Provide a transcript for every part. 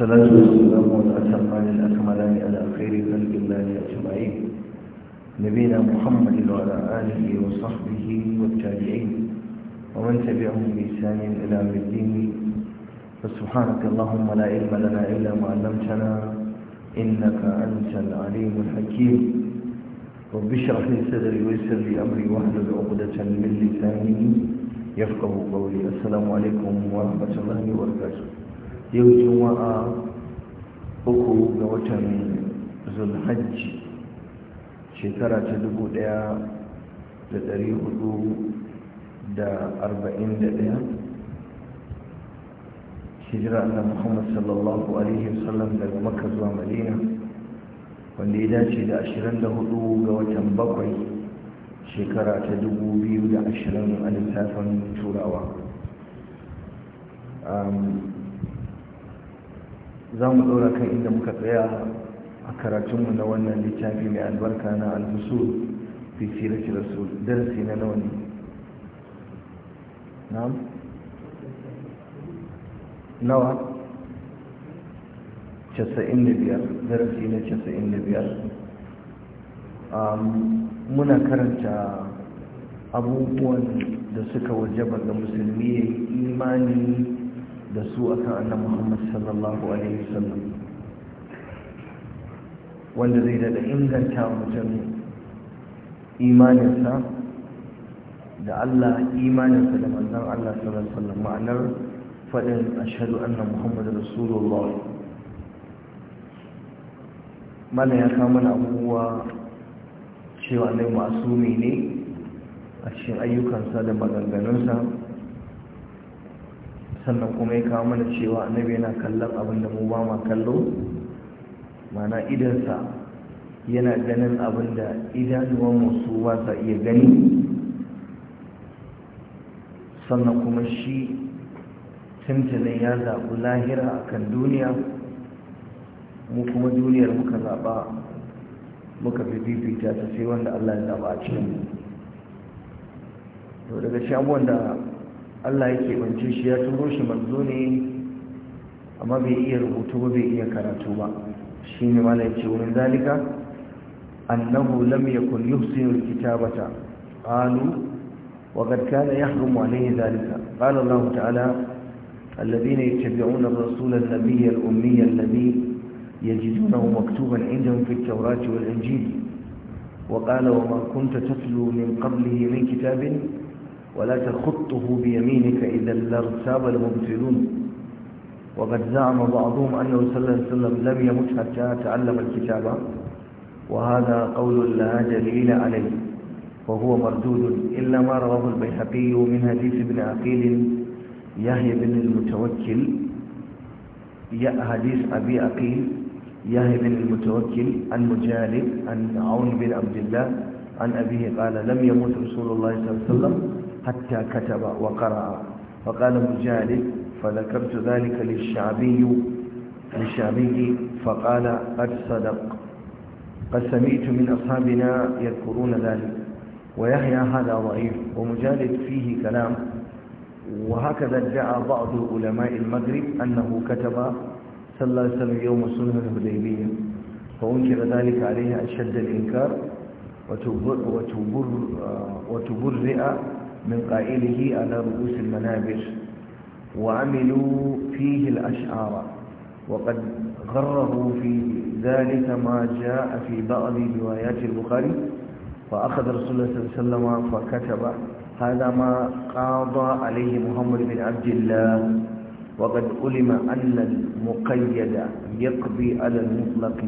الصلاة والسلام والأتمان الأكملان على خير خلق الله أجمعين نبينا محمد وعلى آله وصحبه والتابعين ومن تبعهم بإحسان إلى يوم الدين فسبحانك اللهم لا علم لنا إلا ما علمتنا إنك أنت العليم الحكيم رب اشرح لي صدري ويسر لي أمري واحلل عقدة من لساني يفقه قولي السلام عليكم ورحمة الله وبركاته yau juma'a uku ga watan zulhajji shekara ta dubu ɗaya da dari hudu da arba'in da ɗaya hijira na muhammad sallallahu alaihi wasallam daga maka zuwa madina wanda ya dace da ashirin da hudu ga watan bakwai shekara ta dubu biyu da ashirin a littafin turawa um, za mu ɗora kan inda muka tsaya a karatunmu na wannan littafi mai albarka na alfusul fi sirati rasul darasi na nawa ne na'am nawa 95 darasi na 95 muna karanta abubuwan da suka wajaba ga musulmi imani da su a kan annan Muhammad sallallahu alaihi wasallam wanda zai daga inganta mutum imaninsa da Allah imaninsa da manzon Allah sallallahu alaihi wasallam ma'anar faɗin ashhadu anna muhammadar rasulullah mana ya kama mana abubuwa cewa nai masumi ne a cikin ayyukansa da maganganunsa sannan kuma ya kawo mana cewa annabi yana kallon abin da mu ba ma kallo mana idansa yana ganin abin da idanuwanmu su ba sa iya gani sannan kuma shi tuntunin ya zaɓi lahira a kan duniya mu kuma duniyar muka zaɓa muka fi bibita ta sai wanda allah ya zaɓa a cikin mu daga shi abuwan da Allah yake bance shi ya turo shi manzo ne amma bai iya rubutu ba bai iya karatu ba shi ne mala yake wurin zalika annahu lam yakun yuhsinu alkitabata qalu wa qad kana yahrumu alayhi zalika qala Allah ta'ala alladhina yattabi'una an الذين al الرسول alladhi yajidunahu maktuban indahum fi at في wal والإنجيل وقال وما كنت تتلو من قبله من كتاب ولا تخطه بيمينك إذا لارتاب المبتلون وقد زعم بعضهم أنه صلى الله عليه وسلم لم يمت حتى تعلم الكتابة وهذا قول لا دليل عليه وهو مردود إلا ما رواه البيهقي من حديث ابن عقيل يهي بن المتوكل يا حديث أبي عقيل يهي بن المتوكل عن مجالب عن عون بن عبد الله عن أبيه قال لم يمت رسول الله صلى الله عليه وسلم حتى كتب وقرأ فقال مجالد فذكرت ذلك للشعبي للشعبي فقال قد صدق قد سمعت من أصحابنا يذكرون ذلك ويحيى هذا ضعيف ومجالد فيه كلام وهكذا ادعى بعض علماء المغرب أنه كتب صلى الله عليه وسلم يوم سنة الحديبية فأنكر ذلك عليه أشد الإنكار وتبرئ من قائله على رؤوس المنابر وعملوا فيه الأشعار وقد غره في ذلك ما جاء في بعض روايات البخاري فأخذ رسول الله صلى الله عليه وسلم فكتب هذا ما قاضى عليه محمد بن عبد الله وقد علم أن المقيد يقضي على المطلق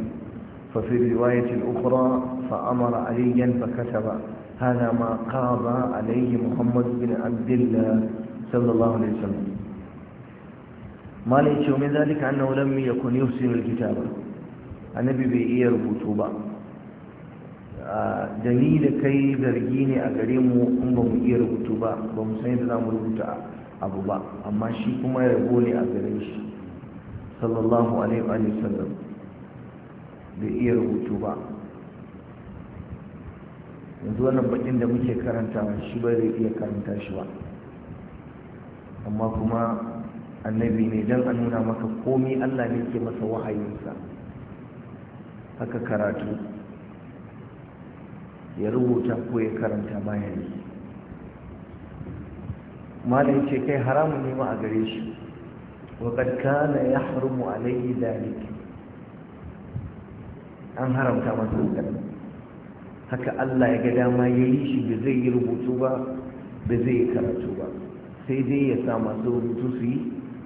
ففي الرواية الأخرى فأمر عليا فكتب هذا ما قام عليه محمد بن عبد الله صلى الله عليه وسلم ما ليش ومن ذلك أنه لم يكن يحسن الكتابة النبي بيئي ربطوبة dalilin kai zargi ne a gare mu in bamu iya rubutu ba bamu san yadda za mu rubuta abu ba amma shi kuma rabo ne a gare shi sallallahu alaihi wa sallam bai iya rubutu ba yanzu wannan bakin da muke karantawa shi ba zai iya karanta shi ba amma kuma annabi ne don a nuna maka komi allah ne ke masa wahayinsa haka karatu ya rubuta ko ya karanta bayan yi malin ce kai haramun nema a gare shi waƙad kana ya haramu alayhi daliki an haramta masa hankali haka Allah ya ga dama ya yi shi ba zai yi rubutu ba ba zai yi karatu ba sai dai ya sa masu rubutu su yi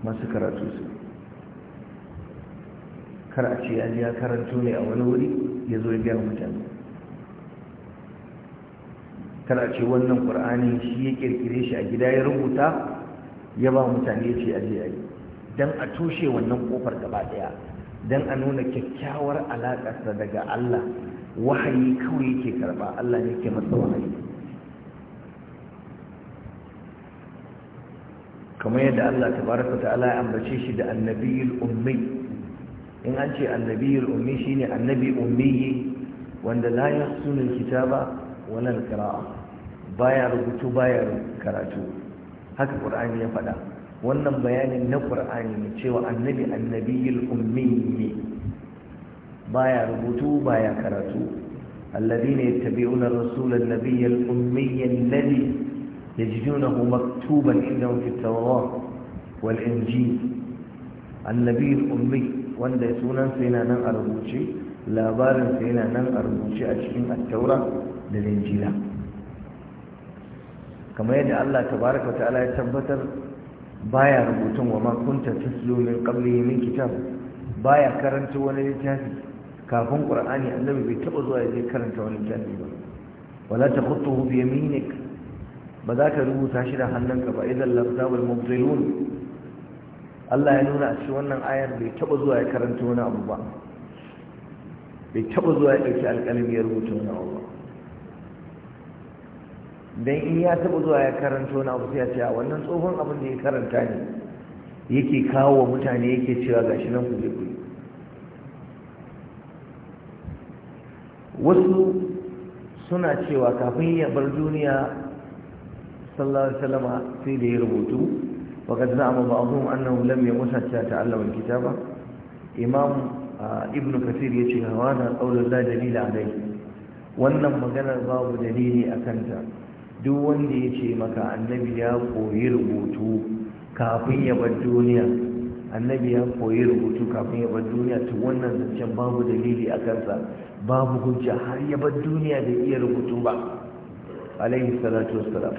masu karatu su kar a ce ya ji ya karanto ne a wani wuri ya zo ya biya mutane kar a ce wannan ƙur'ani shi ya kirkire shi a gida ya rubuta ya ba mutane ya ce a je yi don a tushe wannan ƙofar gaba ɗaya don a nuna kyakkyawar alaƙarsa daga Allah wahayi kawai yake karba Allah ne ke matsa wahayi kamar yadda Allah tabaraka ta'ala ya ambace shi da annabiyul ummi in an ce annabiyul ummi shine annabi ummi wanda sunan yahsunu alkitaba wala alqira'a baya rubutu baya karatu haka qur'ani ya faɗa wannan bayanin na ƙur'ani ne cewa annabi annabiyul ummi ne baya rubutu baya karatu alladhina yattabi'una ar-rasula an-nabiyya al-ummiyya alladhi yajidunahu maktuban indahum fi at-tawrat wal ummi wanda sunansa yana nan a rubuce labarin yana nan a rubuce a cikin attaura da injila kamar yadda Allah tabaraka ta'ala ya tabbatar baya rubutun wa ma kunta tatlu min min kitab baya karanta wani littafi kafin qur'ani annabi bai taɓa zuwa ya je karanta wani littafi ba wala takhutuhu bi yaminik ba za ka rubuta shi da hannunka ba idan lafzabul mubtilun Allah ya nuna a cikin wannan ayar bai taɓa zuwa ya karanta wani abu ba bai taɓa zuwa ya dauki alƙalami ya rubuta wani abu ba dan in ya taɓa zuwa ya karanta wani abu sai ya ce wannan tsohon abin da ya karanta ne yake kawo wa mutane yake cewa gashi nan ku je ku wasu suna cewa kafin ya bar duniya sallallahu alaihi wasallam sai da ya rubutu وقد زعم بعضهم أنه لم يمس حتى Imam ah, Ibn إمام ya ce, يتي na القول لا dalila عليه wannan maganar babu dalili a kanta duk wanda ya ce maka annabi ya koyi rubutu kafin ya bar duniya annabi ya koyi rubutu kafin ya bar duniya tun wannan zancen babu dalili a kansa babu hujja har ya bar duniya da iya rubutu ba alaihi salatu wassalam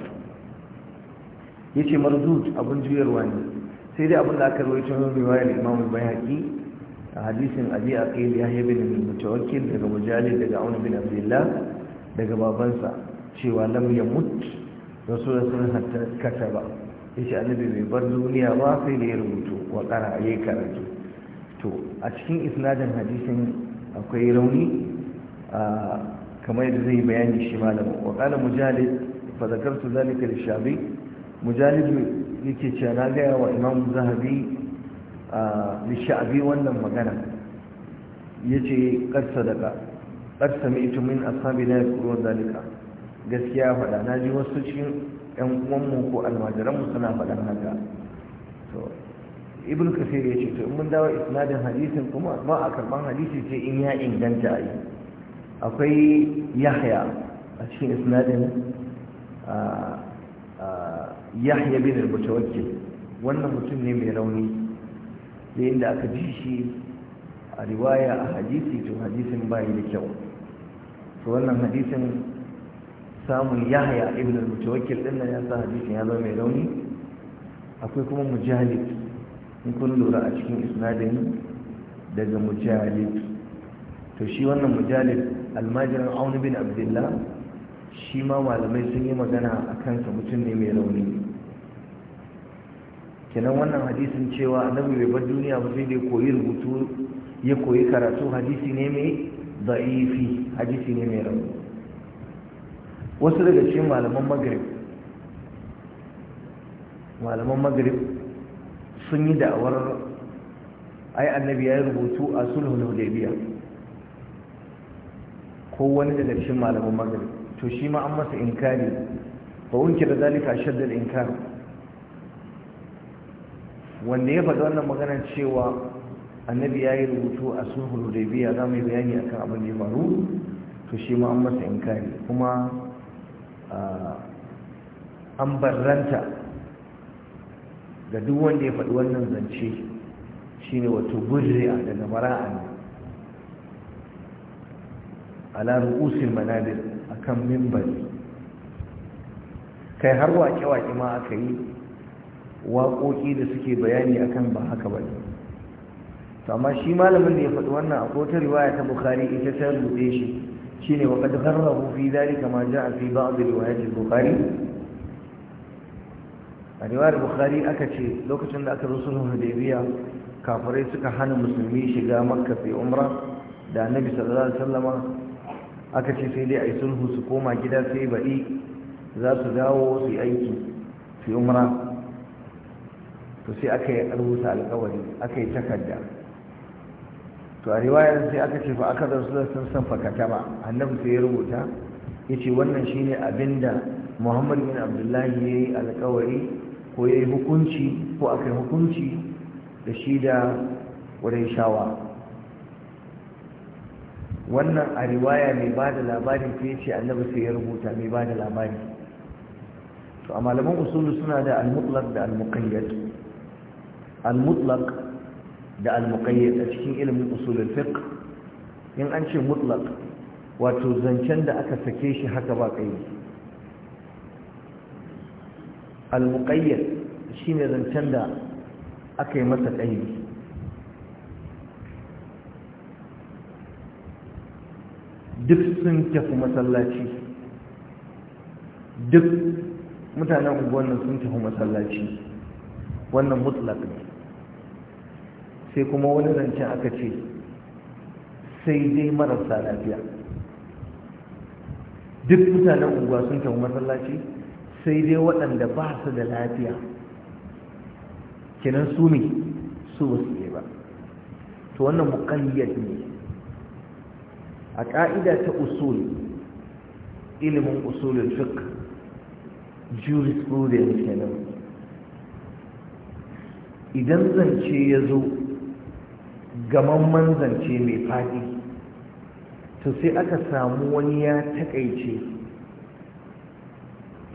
ce marzut abun juyarwa ne sai dai abin da aka rawaito riwaya riwayar imamu bai haƙi a hadisin Abi ya Yahya bin al-Mutawakkil daga Mujahid daga auna bin Abdullah daga babansa cewa lam mut rasulullah sun hatta wasallam ba yace annabi bai bar duniya ba sai da ya rubutu wa kara yayi karatu to a cikin isnadin hadisin akwai rauni kamar yadda zai bayani shi malamin wa qala mujalid fa zakartu zalika shabi mujalid yake cewa na ga wa imam zahabi shabi wannan magana yace qad sadaqa qad sami'tu tumin ashabi la yaqulun zalika gaskiya faɗa na ji wasu cikin yan uwanmu ko mu suna faɗan haka to ibn kasir ya ce to in mun dawo isnadin hadisin kuma ba a karban hadisi sai in ya inganta a yi akwai yahya a cikin isnadin yahya bin al-mutawakkil wannan mutum ne mai rauni da inda aka ji shi a riwaya a hadisi to hadisin bai da kyau to wannan hadisin samun yahaya ibn al-mutawakkil din nan ya sa hadisin ya zama mai rauni akwai kuma mujahid in kun lura a cikin isnadin daga mujahid to shi wannan mujahid Almajiran aun bin abdullah shi ma malamai sun yi magana a kansa mutum ne mai rauni kenan wannan hadisin cewa annabi bai bar duniya ba sai dai koyi rubutu ya koyi karatu hadisi ne mai da'ifi hadisi ne mai rauni wasu daga cikin malaman magrib malaman magrib sun yi da'awar ai annabi ya yi rubutu a sulhul hudaybiya ko wani daga cikin malaman magrib to shi ma an masa inkari ba wunke da zalika shaddar inkar wanda ya faɗi wannan magana cewa annabi ya yi rubutu a sulhul hudaybiya za mu yi bayani akan abin da ya faru to shi ma an masa inkari kuma an barranta ga duk wanda ya faɗi wannan zance shi ne wato gurriya daga mara'an ne usul ru'usil a akan mimbali kai har waƙe-waƙe ma aka yi waƙoƙi da suke bayani akan ba haka ba to amma shi malamin da ya faɗi wannan a kotar riwaya ta bukari ita ta rubuce shi shine wa qad gharrahu fi dhalika ma a fi ba'd da al bukari a riwayar bukhari aka ce lokacin da aka zo sulhun hudaybiya kafirai suka hana musulmi shiga makka fi umra da annabi sallallahu alaihi wasallama aka ce sai dai a yi sulhu su koma gida sai baɗi za su dawo su aiki fi umra to sai aka yi rubuta alkawari aka yi takarda to a riwayar sai aka ce fa aka da sun san fakata ba annabi sai ya rubuta ya wannan shine abinda muhammad bin abdullahi yayi yi alkawari ko yi hukunci ko kai hukunci da shi da wurin shawa wannan a riwaya mai ba da labarin ke ce annabi sai ya rubuta mai ba da labari to a malaman usulu suna da al da almukayyad, muqayyad da al a cikin ilimin usulul fiqh in an ce mutlaq wato zancen da aka sake shi haka ba kai al-muqayyad shine zancen da aka yi masa kaidi duk sun tafi masallaci duk mutanen unguwannin sun tafi masallaci wannan mutlak ne sai kuma wani zancen aka ce sai dai marasa lafiya duk mutanen unguwa sun tafi masallaci sai dai waɗanda ba su da lafiya kinan su ne su wasu ne ba to wannan mukalliyar ne a ƙa'ida ta usul ilimin usulun fiqh jurisprudence kenan idan zance ya zo gamamman zance mai faɗi to sai aka samu wani ya taƙaice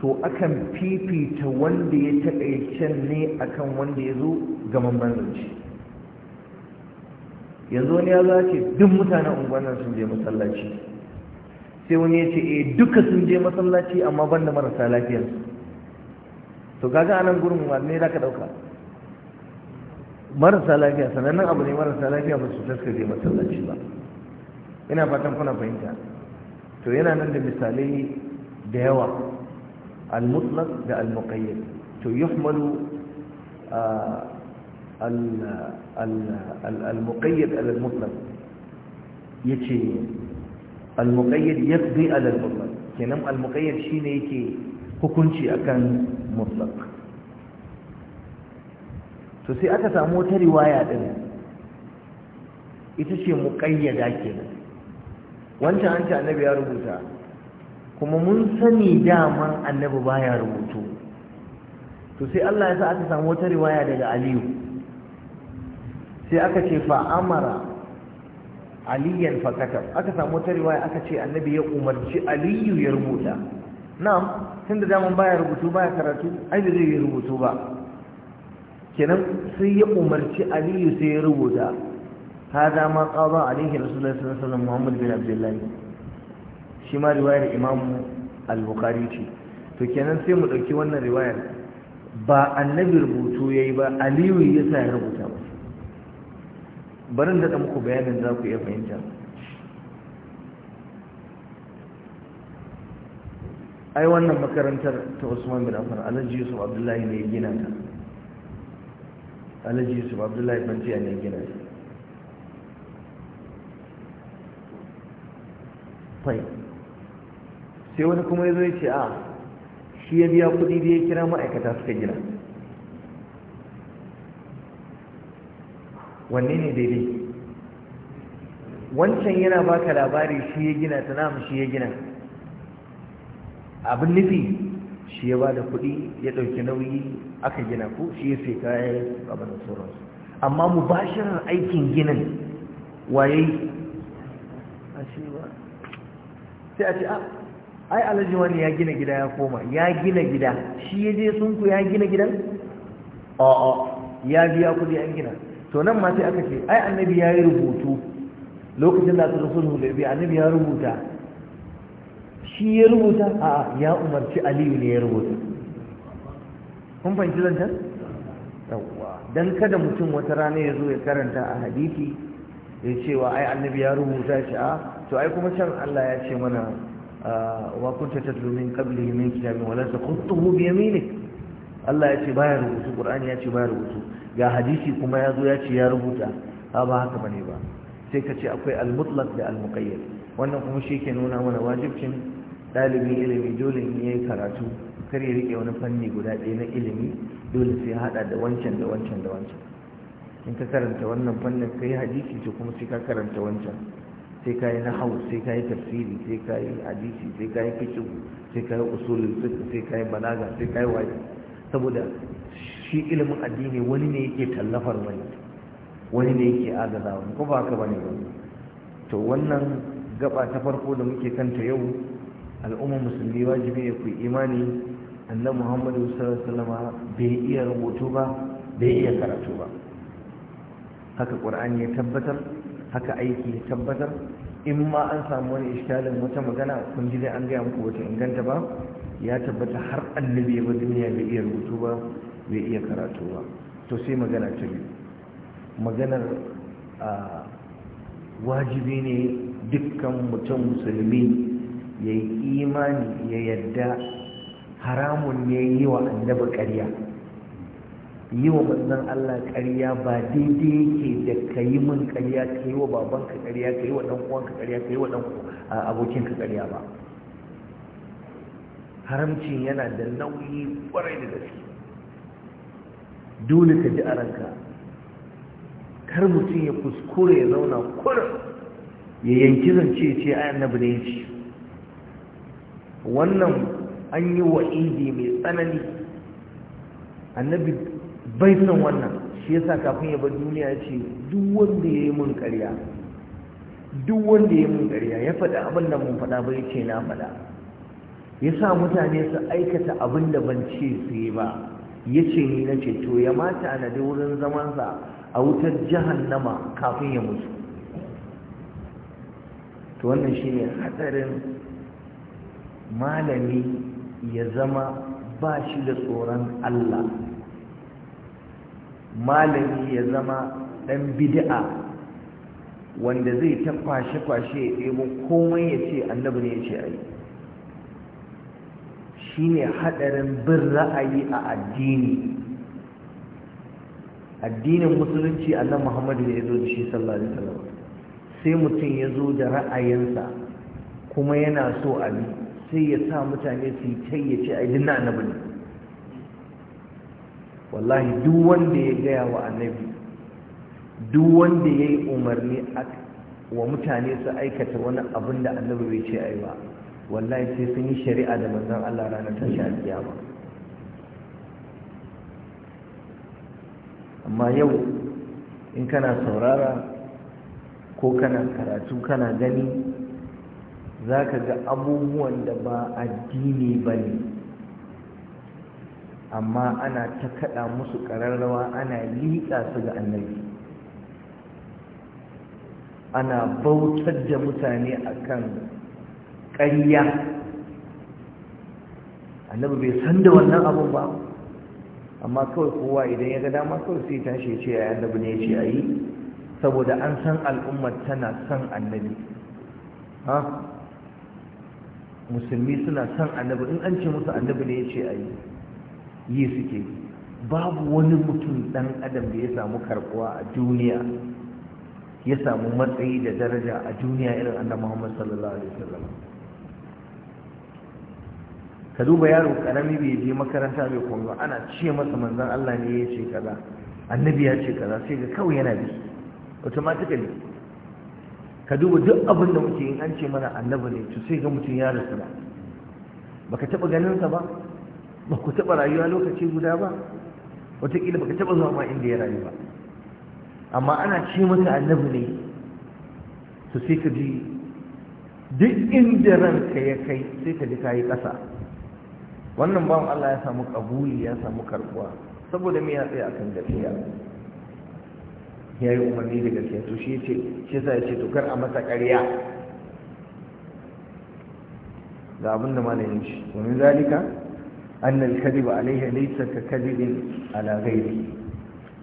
to akan fifita wanda ya taɓa can ne akan wanda ya zo ga mambanci yanzu wani ya za ce duk mutanen unguwannan sun je masallaci sai wani ya ce e duka sun je masallaci amma banda marasa lafiyar. to kaga anan gurin ne za ka ɗauka marasa lafiya sanannen abu ne marasa lafiya ba su je masallaci ba ina fatan kuna fahimta to yana nan da misalai da yawa المطلق المقيد بالمقيد يحمل آه، المقيد على المطلق يتشي المقيد يقضي على المطلق كنم المقيد شيء نيكي حكم شيء أكان مطلق تسي أتا سامو رواية دل إتشي مقيد أكيد وانت أنت النبي يا ربو kuma mun sani dama annabi baya rubutu to sai Allah ya sa aka samu wata riwaya daga Aliyu sai aka ce fa amara aliyan fakatar aka samu wata riwaya aka ce annabi ya umarci Aliyu ya rubuta na'am tunda daman baya rubutu baya karatu ai da zai rubutu ba kenan sai ya umarci Aliyu sai ya rubuta هذا ما قضى عليه رسول الله صلى الله عليه وسلم محمد بن عبد الله shi ma riwayar imamu al-bukhari ce to kenan sai mu ɗauki wannan riwayar ba annabi rubutu ya yi ba aliyu ya sa ya rubuta ba barin daɗa muku bayanin za ku iya fahimta ai wannan makarantar ta usman bin affan alhaji yusuf abdullahi ne gina ta alhaji yusuf abdullahi bantiya ne gina ta fahimta sai wani kuma ya zo ya ce a ah, shi ya biya kuɗi da ya kira ma'aikata suka gina wanne ne daidai wancan yana baka labari shi ya gina namu shi ya gina abin nufi shi ya ba da kuɗi ya ɗauki nauyi aka gina ko shi ya sai kayan abin da sauransu amma mu bashirar aikin ginin waye a ce ba sai a ce a ah, ai alhaji wani ya gina gida ya koma ya gina gida shi ya je sunku ya gina gidan a'a ya biya kudi an gina to nan ma sai aka ce ai annabi ya yi rubutu lokacin da aka zo sulhu da biya annabi ya rubuta shi ya rubuta a'a ya umarci aliyu ne ya rubuta kun fahimci zancen yawwa dan kada mutum wata rana ya zo ya karanta a hadisi ya ce wa ai annabi ya rubuta shi a to ai kuma can Allah ya ce mana وكنت تتلو من قبله من كتاب ولا تخطه بيمينك Allah ya ce baya rubutu Qur'ani ya ce baya rubutu ga hadisi kuma ya zo ya ce ya rubuta ha ba haka ba ne ba sai ka ce akwai al-mutlaq da al-muqayyad wannan kuma shi ke nuna mana wajibcin dalibin ilimi dole ne yayi karatu kar ya rike wani fanni guda ɗaya na ilimi dole sai hada da wancan da wancan da wancan in ka karanta wannan fannin kai hadisi to kuma sai ka karanta wancan sai ka yi hau sai ka yi tafsiri sai ka yi hadisi sai ka yi sai ka yi sai ka balaga sai ka yi waye saboda shi ilimin addini wani ne yake tallafar wani wani ne yake agaza wani ko ba ka bane to wannan gaba ta farko da muke kanta yau al'ummar musulmi wajibi ya ku imani annabi muhammadu sallallahu alaihi wasallam bai iya rubutu ba bai iya karatu ba haka qur'ani ya tabbatar haka aiki ya tabbatar in ma an samu wani iskalin wata magana kun ji dai an gaya muku wata inganta ba ya tabbata har annabi ba duniya bai iya rubutu ba bai iya karatu ba to sai magana ta biyu maganar wajibi ne dukkan mutum musulmi ya yi imani ya yadda haramun ne yi wa annabi ƙarya yi wa manzon Allah ƙarya ba daidai yake da ka yi min ƙarya ka yi wa babanka ƙarya ka yi wa ɗan uwanka ƙarya ka yi wa ɗan abokinka ƙarya ba haramcin yana da nauyi ƙwarai da gaske dole ka ji a ranka kar mutum ya kuskure ya zauna kurin ya yanki zance ce a annabi ne shi wannan an yi wa'idi mai tsanani annabi bai son wannan shi yasa kafin ya bar duniya ya ce duk wanda ya yi mun ƙarya duk wanda ya mun ƙarya ya faɗa abin da mun faɗa bai ce na faɗa ya sa mutane su aikata abin da ban ce su yi ba ya ce ni na ce to ya mata na da wurin zamansa a wutar jahannama kafin ya mutu to wannan shi ne hatsarin malami ya zama ba shi da tsoron Allah malami ya zama ɗan bid'a wanda zai ta kwashe-kwashe ya ɗebo komai ya ce annabi ne ya ce a shi ne haɗarin bin ra'ayi a addini addinin musulunci annan muhammadu ne ya zo da shi sallallahu alaihi sai mutum ya zo da ra'ayinsa kuma yana so a bi sai ya sa mutane su yi ce a yi dinna annabi ne wallahi duk wanda ya gaya wa annabi duk wanda ya yi umarni wa mutane su aikata wani abin da annabi bai ce ai ba wallahi sai sun yi shari'a da manzon Allah ranar tashi ba. amma yau in kana saurara ko kana karatu kana gani za ka ga abubuwan da ba addini ba ne amma ana ta kaɗa musu ƙararrawa ana liƙa su ga annabi ana bautar da mutane kan ƙarya annabi bai san da wannan abun ba amma kawai kowa idan ya ga dama kawai sai tashi ya ce ya annabi ne ya ce a yi saboda an san al'ummar tana son annabi ha musulmi suna son annabi in an ce musu annabi ne ya ce a yi yi suke babu wani mutum dan adam da ya samu karbuwa a duniya ya samu matsayi da daraja a duniya irin annabi Muhammad sallallahu alaihi wasallam ka duba yaro karami bai je makaranta bai koyo ana ce masa manzon Allah ne ya ce kaza annabi ya ce kaza sai ga kawai yana bi automatically ka duba duk abin da muke yin an ce mana annabi ne to sai ga mutum ya rasu ba baka taba ganin sa ba ba ku taɓa rayuwa lokaci guda ba wataƙila ba ka taɓa zuwa ma inda ya rayu ba amma ana ce masa annabi ne su sai ka ji duk inda ranka ya kai sai ka ji ka yi ƙasa wannan bawan Allah ya samu ƙabuli ya samu karbuwa saboda me ya tsaya akan gaskiya ya yi umarni da gaskiya to shi ce shi sa ya ce to kar a masa ƙarya ga abin da malamin shi domin zalika an na alkalibu alaihe laisar ka kalibin alagairi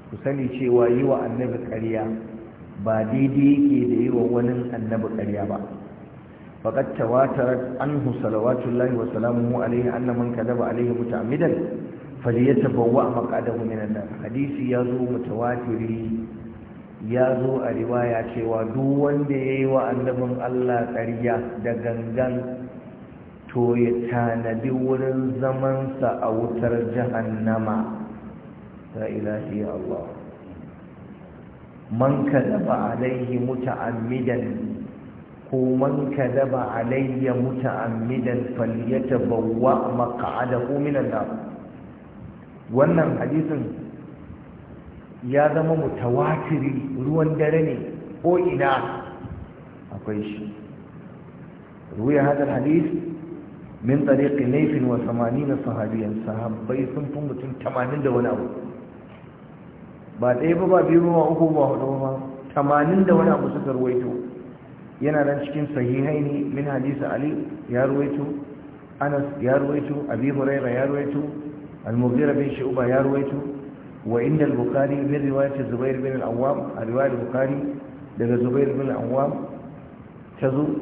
ku sani cewa yiwa annabi karya ba daidai yake da yi wani annabi karya ba faƙatta watar an husar watullahi wa salamun alaihe annaman kalaba alaihe mutu amidan fari ya taba wa makada huminan nan hadisi ya zo mutawatiri ya zo a riwaya cewa duk wanda ya yi wa annabin allah ƙarya da gangan to ya tanadi wurin zamansa a wutar jahannama la ilaha Allah man kadaba alaihi muta'ammidan ko man kadaba alayya muta'ammidan falyatabawwa maq'adahu minan nar wannan hadisin ya zama mutawatiri ruwan dare ne ko ina akwai shi ruya hadal hadis min tariqi laifin wa 80 sahabiyan sahabbai sun fi mutum tamanin da wani abu ba ɗaya ba ba biyu ba uku ba hudu ba tamanin da wani abu suka ruwaito yana nan cikin sahihaini min hadisa ali ya ruwaito anas ya ruwaito abi hurairah ya ruwaito al-mughira bin shu'ba ya ruwaito وإن البخاري من رواية الزبير بن العوام رواية bin لدى زبير بن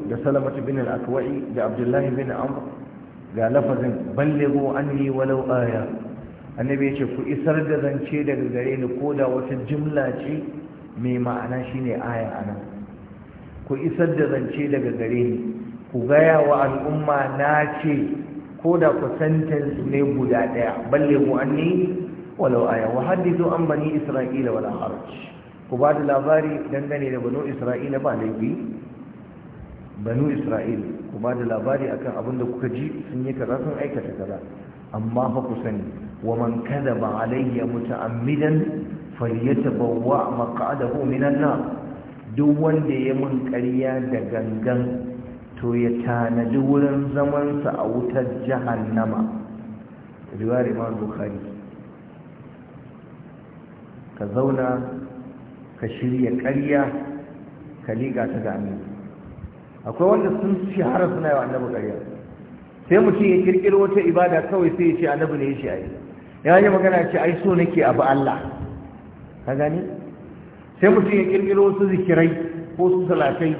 da salamatu bin al الأكوعي da abdullahi bin عمرو ga lafazin ballego anni walau aya annabi ya ce ku isar da zance daga gare ni ko da wata jimla ce mai ma'ana shine aya ana ku isar da zance daga gare ni ku gaya wa al'umma na ce ko da ku sentence ne guda daya ballego anni walau aya wa hadithu an bani isra'ila wala haraj ku ba da labari dangane da banu isra'ila ba laifi banu isra'ila ku ba da labari akan abin da kuka ji sun yi kaza sun aikata kaza amma fa ku sani wa man kadaba alayya muta'ammidan falyatabawwa maq'adahu minan nar duk wanda ya mun ƙarya da gangan to ya tanadi wurin zamansa a wutar jahannama riwayar imam bukhari ka zauna ka shirya ƙarya ka liga ta ga annabi akwai wanda sun shahara suna yawa annabi ƙarya sai mutum ya kirkiro wata ibada kawai sai ya ce annabi ne ya shi yi. ya yi magana ce ai so nake abu Allah ka gani sai mutum ya kirkiro wasu zikirai ko su salatai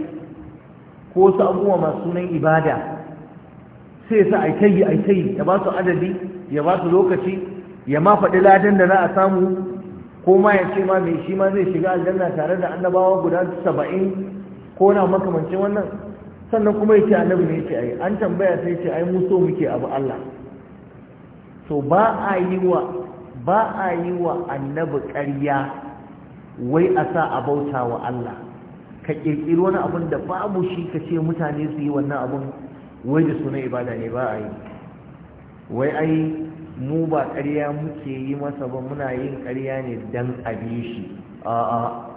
ko su abubuwa masu sunan ibada sai sa ai tayi ai tayi ya ba su adadi ya ba su lokaci ya ma faɗi ladan da za a samu ko ma ya ce ma mai shi ma zai shiga aljanna tare da annabawa guda saba'in ko na makamancin wannan sannan kuma yace annabi ne yace ai an tambaya sai ce, ai mu so muke abu Allah to ba a yi wa ba a yi wa annabi ƙarya wai a sa a bauta wa Allah ka kirkiri wani abun da babu shi ka ce mutane su yi wannan abun wai da sunan ibada ne ba a yi wai ai mu ba ƙarya muke yi masa ba muna yin ƙarya ne dan abi shi a'a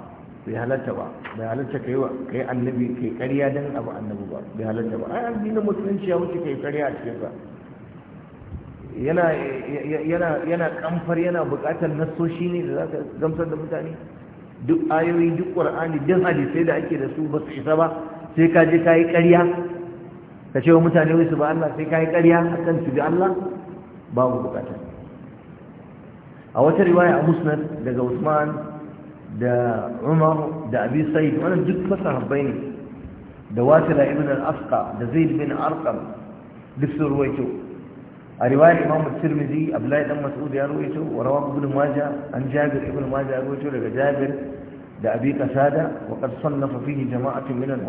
bai halatta ba bai halatta kai wa kai annabi kai ƙarya dan abu annabi ba bai halatta ba ai addinin musulunci ya wuce kai ƙarya a cikin sa yana yana yana kamfar yana buƙatar nasoshi ne da zaka gamsar da mutane duk ayoyi duk qur'ani duk hadisai da ake da su ba su isa ba sai ka je kai ƙarya ka ce wa mutane wai su ba Allah sai kai ƙarya akan su da Allah babu buƙata. a wata riwaya a musnad daga Usman da umar da abi sa'id wannan duk fasahabbai ne da wasila ibn al-asqa da zaid bin arqam duk sun ruwaito a riwayar imam tirmidhi abdullahi dan mas'ud ya ruwaito wa rawahu ibn majah an jabir ibn majah ya ruwaito daga jabir da abi kasada wa qad sannafa fihi jama'atun min al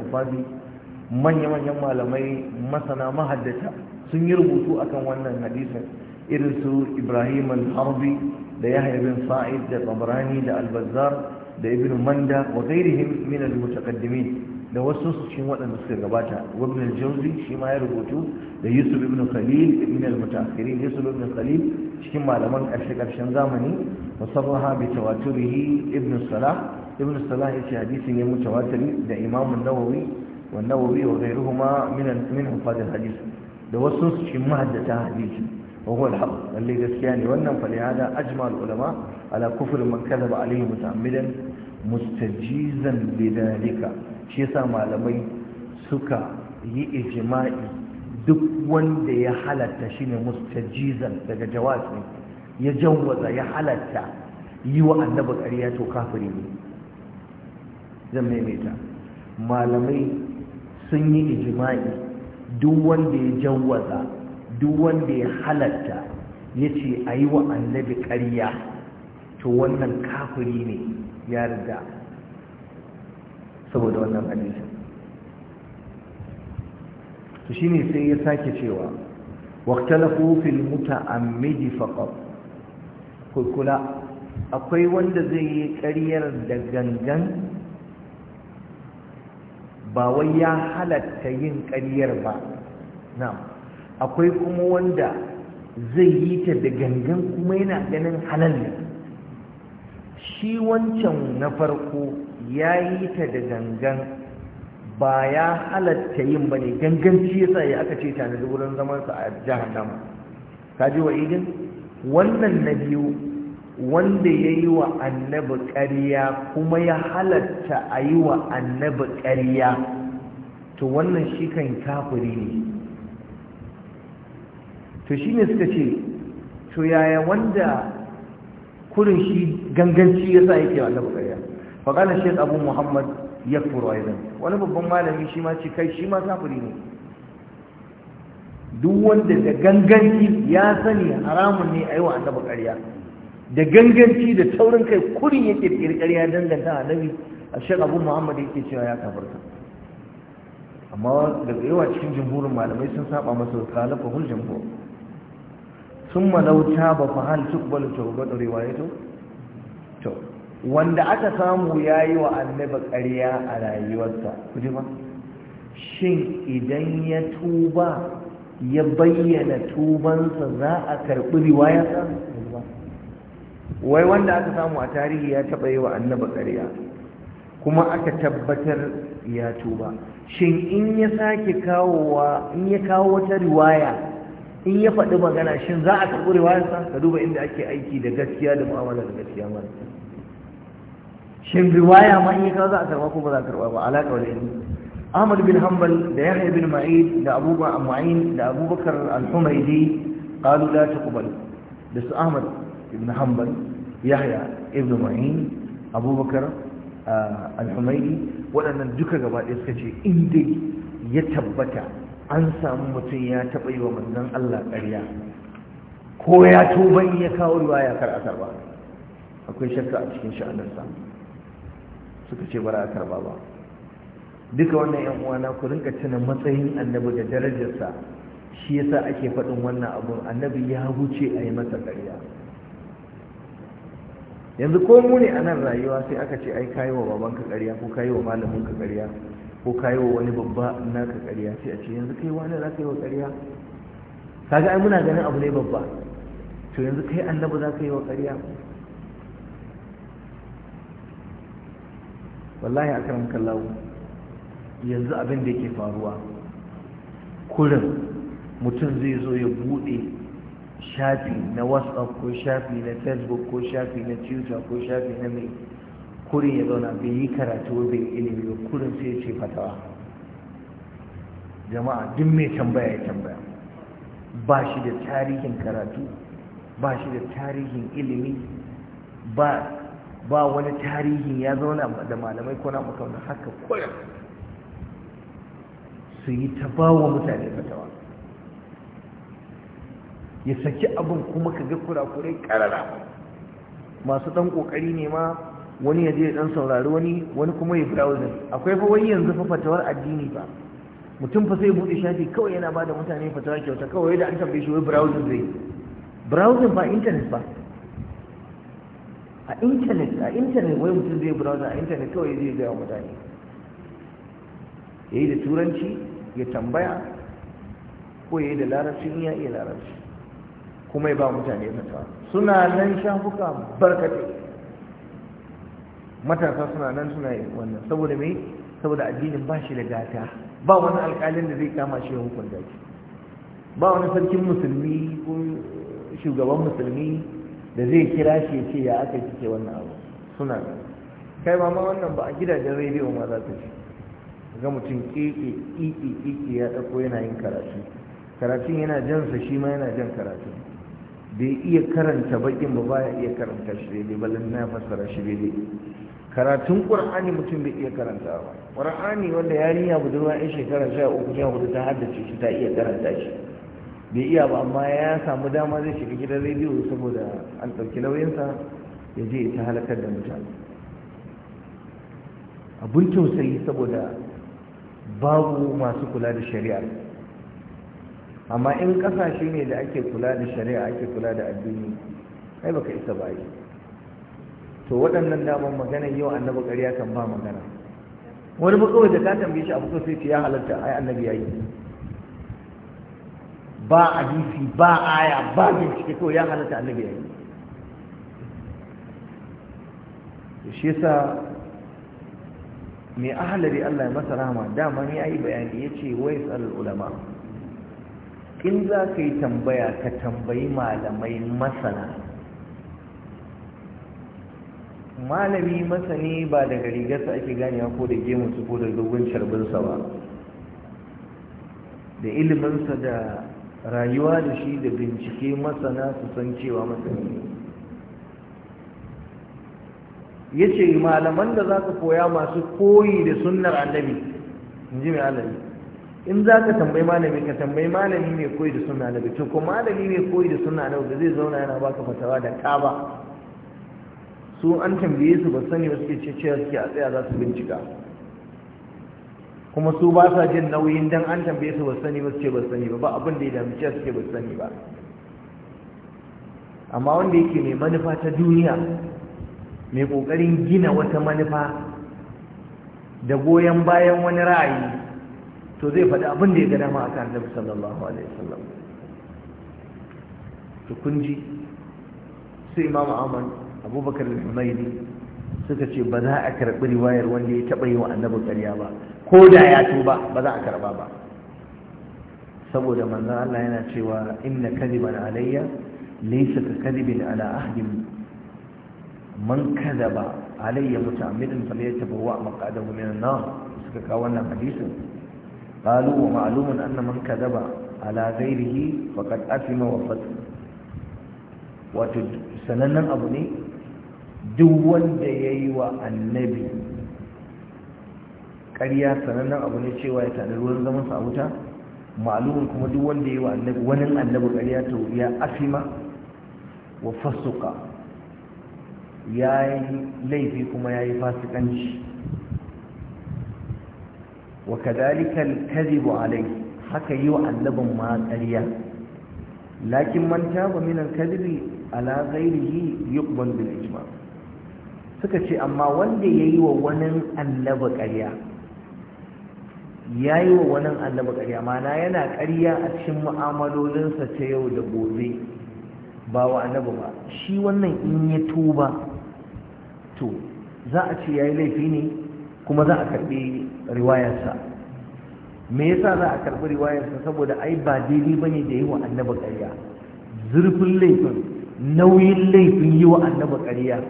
manya manyan malamai masana mahaddata sun yi rubutu akan wannan hadisin irin su Ibrahim al-Harbi da yahya bin sa'id da tabrani da al-bazzar da ibn manda wa ghairihim min al-mutaqaddimin da wasu cikin waɗanda suka gabata ibn al-jawzi shi ma ya rubutu da yusuf ibn khalil min al-mutaakhirin yusuf ibn khalil cikin malaman ƙarshe ƙarshen zamani wa sabaha bi tawaturihi ibn salah ibn salah yace hadisin ya mutawatiri da imam an-nawawi wa an-nawawi wa ghayruhuma min min hufaz al-hadith da wasu cikin mahaddata hadisi وهو الحق اللي جسياني ونم فلهذا أجمع العلماء على كفر من كذب عليه متعمدا مستجيزا لذلك شيسا لمي سكا يئجمائي duk wanda ya halatta shine mustajizan daga jawaz ne ya jawwaza ya halatta yi wa annabi ƙarya to kafiri ne zan maimaita malamai sun yi ijma'i duk wanda ya jawwaza duk wanda ya halatta ya ce a yi wa annabi ƙarya to wannan kafiri ne ya riga saboda wannan hadisi to shine sai ya sake cewa waqtalafu fil muta'ammidi faqat Kulkula, akwai wanda zai yi ƙaryar da gangan ba wai ya halatta yin ƙaryar ba na'am akwai kuma wanda zai yi ta da gangan kuma yana ganin halal ne shi wancan na farko ya yi ta da gangan ba ya halatta yin ba ne ganganci ya sa ya aka ce ta da wurin zamansa a nama? ka ji wa idin wannan na biyu wanda ya yi wa annabi ƙarya kuma ya halatta a yi wa annabi ƙarya to wannan shi kan kafiri ne to shi ne suka ce to yaya wanda kurin shi ganganci ya sa yake wanda bukariya faƙanar shi abu muhammad ya furo aizan wani babban malami shi ma ce kai shi ma kafiri ne duk wanda da ganganci ya sani haramun ne a yi wa da ganganci da taurin kai kurin yake ƙirƙirya danganta annabi a shek abu muhammad yake cewa ya kafarta amma daga yawa cikin jimhurin malamai sun saba masa kalafa hul jimhur ثم لو تاب فهل تقبل توبه روايته to wanda aka samu yayi wa annaba ƙarya a rayuwarsa kuje ba shin idan ya tuba ya bayyana tubansa za a karɓi riwayarsa wai wanda aka samu a tarihi ya taɓa yi wa annaba ƙarya kuma aka tabbatar ya tuba shin in ya sake kawowa in ya kawo wata riwaya in ya faɗi magana shin za a karɓi riwayarsa ka duba inda ake aiki da gaskiya da mu'amala da gaskiya ma shin riwaya ma in ya kawo za a karɓa ko ba za a karɓa ba alaƙa wani ilmi Ahmad bin Hanbal da Yahya bin Ma'id da Abu Ma'in da Abu Bakar Al-Humaydi qalu la tuqbal da su Ahmad bin Hanbal Yahya ibn Ma'in Abu Bakar ah, Al-Humaydi waɗannan duka gaba ɗaya suka ce in dai ya tabbata an samu mutum ya taɓa yi wa manzon Allah ƙarya ko ya tuba ya kawo ya kar a karba akwai shakka a cikin sha'anarsa suka ce bara a karba ba duka wannan yan uwana ku rinka tuna matsayin annabi da darajarsa shi yasa ake faɗin wannan abun annabi ya huce a yi masa ƙarya yanzu ko mu ne a nan rayuwa sai aka ce ai kayi wa babanka ƙarya ko kayi wa ka ƙarya ko ka yi wa wani babba naka ƙarya sai a ce yanzu kai wani za ka yi wa ƙarya kaga ai muna ganin abu ne babba to yanzu kai annabi za ka yi wa ƙarya wallahi akan kallawo yanzu abin da yake faruwa kurin mutum zai zo ya bude shafi na whatsapp ko shafi na facebook ko shafi na twitter ko shafi na mai kurin ya zauna bai yi karatu bai ilimi ba kurin sai ya ce fatawa jama'a duk mai tambaya ya tambaya ba shi da tarihin karatu ba shi da tarihin ilimi ba ba wani tarihin ya zauna da malamai ko na makauna haka koya su yi ta ba wa mutane fatawa ya saki abin kuma ka ga kurakurai karara masu ɗan ƙoƙari ne ma wani ya je dan saurari wani wani kuma ya browsing akwai fa wai yanzu fa fatawar addini ba mutum fa sai bude shafi kawai yana ba da mutane fatawa kyauta kawai da an tabbe shi wai browsing zai browsing ba internet ba a internet a internet wai mutum zai browse a internet kawai zai ga mutane yayi da turanci ya tambaya ko yayi da larabci in ya iya larabci kuma ya ba mutane fatawa suna nan shafuka barkatai matasa suna nan suna yin wannan saboda mai saboda addinin ba shi da gata ba wani alƙalin da zai kama shi ya hukunta shi ba wani sarkin musulmi ko shugaban musulmi da zai kira shi ya ce ya aka kike wannan abu suna nan kai ma wannan ba a gidajen rediyo ma za ta ce ga mutum keke kiki kiki ya ɗauko yana yin karatu karatun yana jansa shi ma yana jan karatu bai iya karanta bakin ba ba ya iya karanta shi daidai balin na fassara shi daidai karatun ƙur'ani mutum bai iya karanta ba ƙur'ani wanda ya yarinya budurwa ya shekara sha uku sha hudu ta haddace shi ta iya karanta shi bai iya ba amma ya samu dama zai shiga gidan rediyo saboda an ɗauki nauyinsa ya je ta halakar da mutane abin tausayi saboda babu masu kula da shari'a amma in ƙasashe ne da ake kula da shari'a ake kula da addini kai baka isa ba yi to waɗannan daman magana yau annabi ƙarya kan ba magana wani ba kawai da ka tambaye shi abu ko sai ya halatta ai annabi yi ba hadisi ba aya ba bincike kawai ya halatta annabi yayi shi yasa mai ahalari Allah ya masa rahama dama ya yi bayani ya ce wai tsarar ulama in za ka yi tambaya ka tambayi malamai masana malami masani ba daga rigarsa ake ganewa ko da gemunsu ko da dogon sharbinsa ba da iliminsa da rayuwa da shi da bincike masana su san cewa masani ya ce malaman da za ka koya masu koyi da sunnar annabi in ji mai in za ka tambayi malami ka tambayi malami mai koyi da sunnar annabi to ko malami mai koyi da sunnar annabi da zai zauna yana baka fatawa da ka ba su an tambaye su ba sani ba suke ce cewa suke a tsaya za su bincika kuma su ba sa jin nauyin dan an tambaye su ba sani ba suke ba sani ba ba abin da ya dami cewa suke ba sani ba amma wanda yake mai manufa ta duniya mai kokarin gina wata manufa da goyon bayan wani ra'ayi to zai faɗi abin da ya ga dama kan Annabi sallallahu alaihi wasallam to kun ji sai imamu amanu abubakar al-humaidi suka ce ba za a karɓi riwayar wanda ya taɓa yi wa annabi ƙarya ba ko da ya tuba ba za a karɓa ba saboda manzon Allah yana cewa inna kadiban alayya laysa ka kadibin ala ahdin man kadaba alayya muta'ammidan falyatabawa maqadahu min an-nar suka kawo wannan hadisin qalu wa ma'lumun anna man kadaba ala ghairihi faqad athima wa fat wato sanannen abu ne duk wanda ya yi wa annabi ƙarya sanannen abu ne cewa ya taɗa ruwan zaman a wuta ma'alumin kuma duk wanda ya yi wa annabi wani annabi ƙarya ta ya afima wa fasuka ya yi laifi kuma ya yi fasikanci wa kadalikal kadhibu alayhi haka yi wa annabin ma ƙarya lakin manta taba min al ala ghayrihi yuqbal bil ijma' suka ce amma wanda ya yi wa wani annaba ƙarya ya yi wa wani annaba ƙarya mana yana ƙarya a cikin mu'amalolinsa ta yau da gobe ba wa annaba ba shi wannan in ya tuba to za a ce ya yi laifi ne kuma za a karɓi riwayarsa me yasa za a karɓi riwayarsa saboda ai ba daidai ne da yi wa annaba ƙarya zurfin laifin nauyin laifin yi wa annaba ƙarya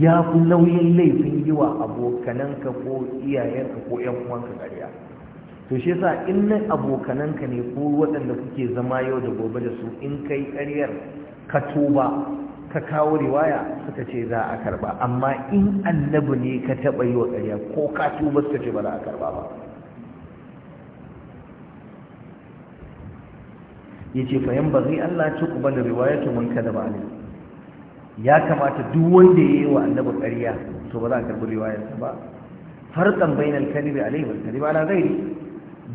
ya fi nauyin laifin yi wa abokananka ko iyayenka ko yan uwanka ƙarya to shi yasa in nan abokananka ne ko waɗanda kuke zama yau da gobe da su in kai ƙaryar ka tuba ka kawo riwaya suka ce za a karba amma in annabi ne ka taɓa yi wa ƙarya ko ka tuba suka ce ba za a karba ba yace fa yan bazai Allah ci da riwayatu man kadaba alayhi ya kamata duk wanda ya yi wa annabar ƙariya to ba za a karɓi riwayarsa ba farkan bainal kalibi alaihi wal kadibi ala ghairi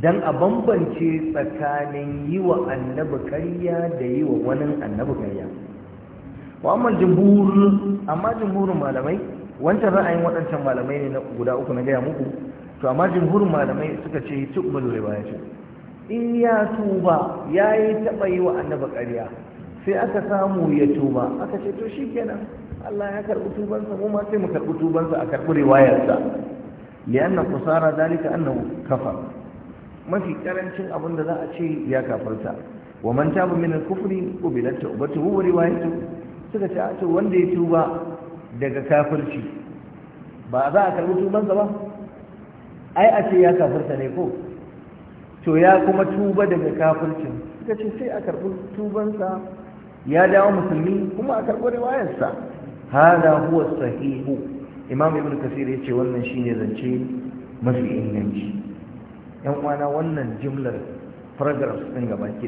dan a bambance tsakanin yi wa annabi ƙarya da yi wa wani annabi ƙarya wa amma jumhur amma jumhurin malamai wancan ra'ayin waɗancan malamai ne na guda uku na gaya muku to amma jumhurin malamai suka ce bayan riwayatu in ya tuba yayi taba yi wa annabi ƙarya sai aka samu ya tuba aka ce to shi kenan Allah ya karɓi tubansa mu ma sai mu karɓi tubansa a karɓi riwayarsa li'anna kusara dalika annahu kafar mafi karancin abin da za a ce ya kafarta wa man taba min al-kufri qubilat tawbatuhu wa riwayatu suka ce a ce wanda ya tuba daga kafirci ba za a karɓi tubansa ba ai a ce ya kafarta ne ko to ya kuma tuba daga kafircin suka ce sai a karɓi tubansa ya dawo musulmi kuma a karɓo riwayarsa hada huwa sahihu imam ibn kasir ya ce wannan shine zance mafi inganci yan uwana wannan jimlar paragraphs ɗin gaba ki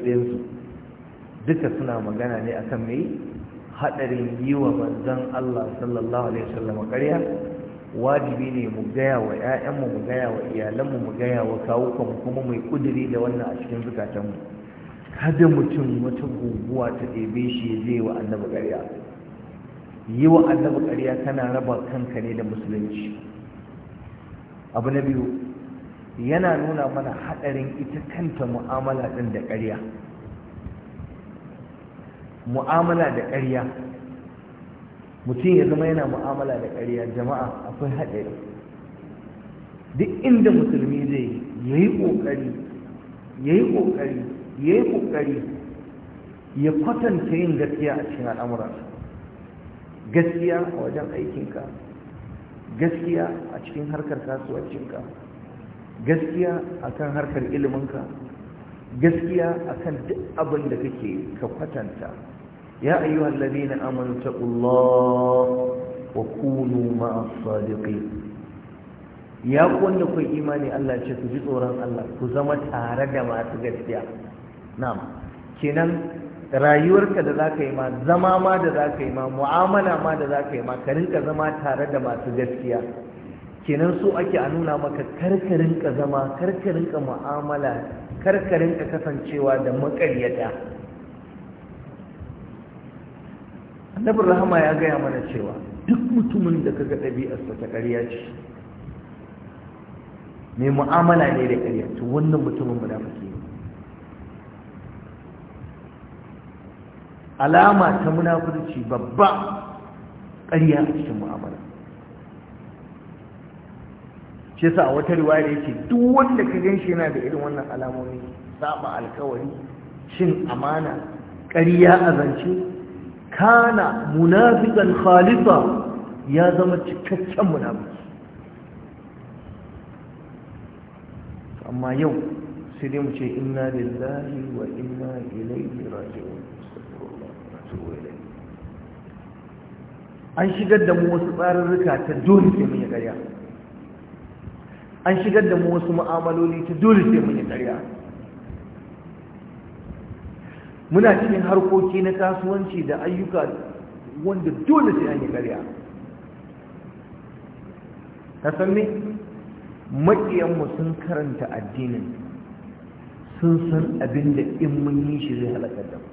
duka suna magana ne akan mai haɗarin yi wa Allah sallallahu alaihi wasallam ƙarya wajibi ne mu gaya wa 'ya'yanmu mu gaya wa iyalanmu mu gaya wa kawukanmu kuma mai ƙudiri da wannan a cikin zukatanmu kada mutum wata guguwa ta ɗebe shi ya zai wa annabi ƙarya yi wa annabi ƙarya tana raba kanka ne da musulunci abu na biyu yana nuna mana haɗarin ita kanta mu'amala ɗin da ƙarya mu'amala da ƙarya mutum ya zama yana mu'amala da ƙarya jama'a akwai haɗari duk inda musulmi zai yi ƙoƙari yayi ƙoƙari ya yi ƙoƙari ya kwatanta yin gaskiya a cikin al'amuran, gaskiya a wajen aikinka gaskiya a cikin harkar kasuwancinka gaskiya a kan harkar iliminka gaskiya a kan duk abin da kake ka kwatanta ya ayyuhal na amince Allah wa kunu ma sadiqin ya wanda kai imani Allah ce ku ji tsoron Allah ku zama tare da masu gaskiya na'am kenan rayuwarka da za ka yi ma zama ma da za ka yi ma mu'amala ma da za ka yi ma ka rinka zama tare da masu gaskiya kenan so ake a nuna maka karkarin ka zama karkarin ka mu'amala karkarin ka kasancewa da makaryata Annabi rahama ya gaya mana cewa duk mutumin da kaga ɗabi'arsa ta ƙarya ce mai mu'amala ne da ƙarya to wannan mutumin munafiki alama ta munafurci babba ƙarya a cikin mu'amala shi sa a wata riwaya yake duk wanda ka ganshi yana da irin wannan alamomi saba alkawari cin amana ƙarya a zance kana munafiqan khalifa ya zama cikakken munafurci. amma yau sai dai mu ce inna lillahi wa inna ilaihi raji'un an shigar da mu wasu tsarurruka ta dole sai mun yi ƙarya an shigar da mu wasu mu'amaloli ta dole sai mun yi ƙarya muna cikin harkoki na kasuwanci da ayyuka wanda dole sai an yi ƙarya ka san me maƙiyanmu sun karanta addinin sun san abin da in mun yi shi zai halakar da mu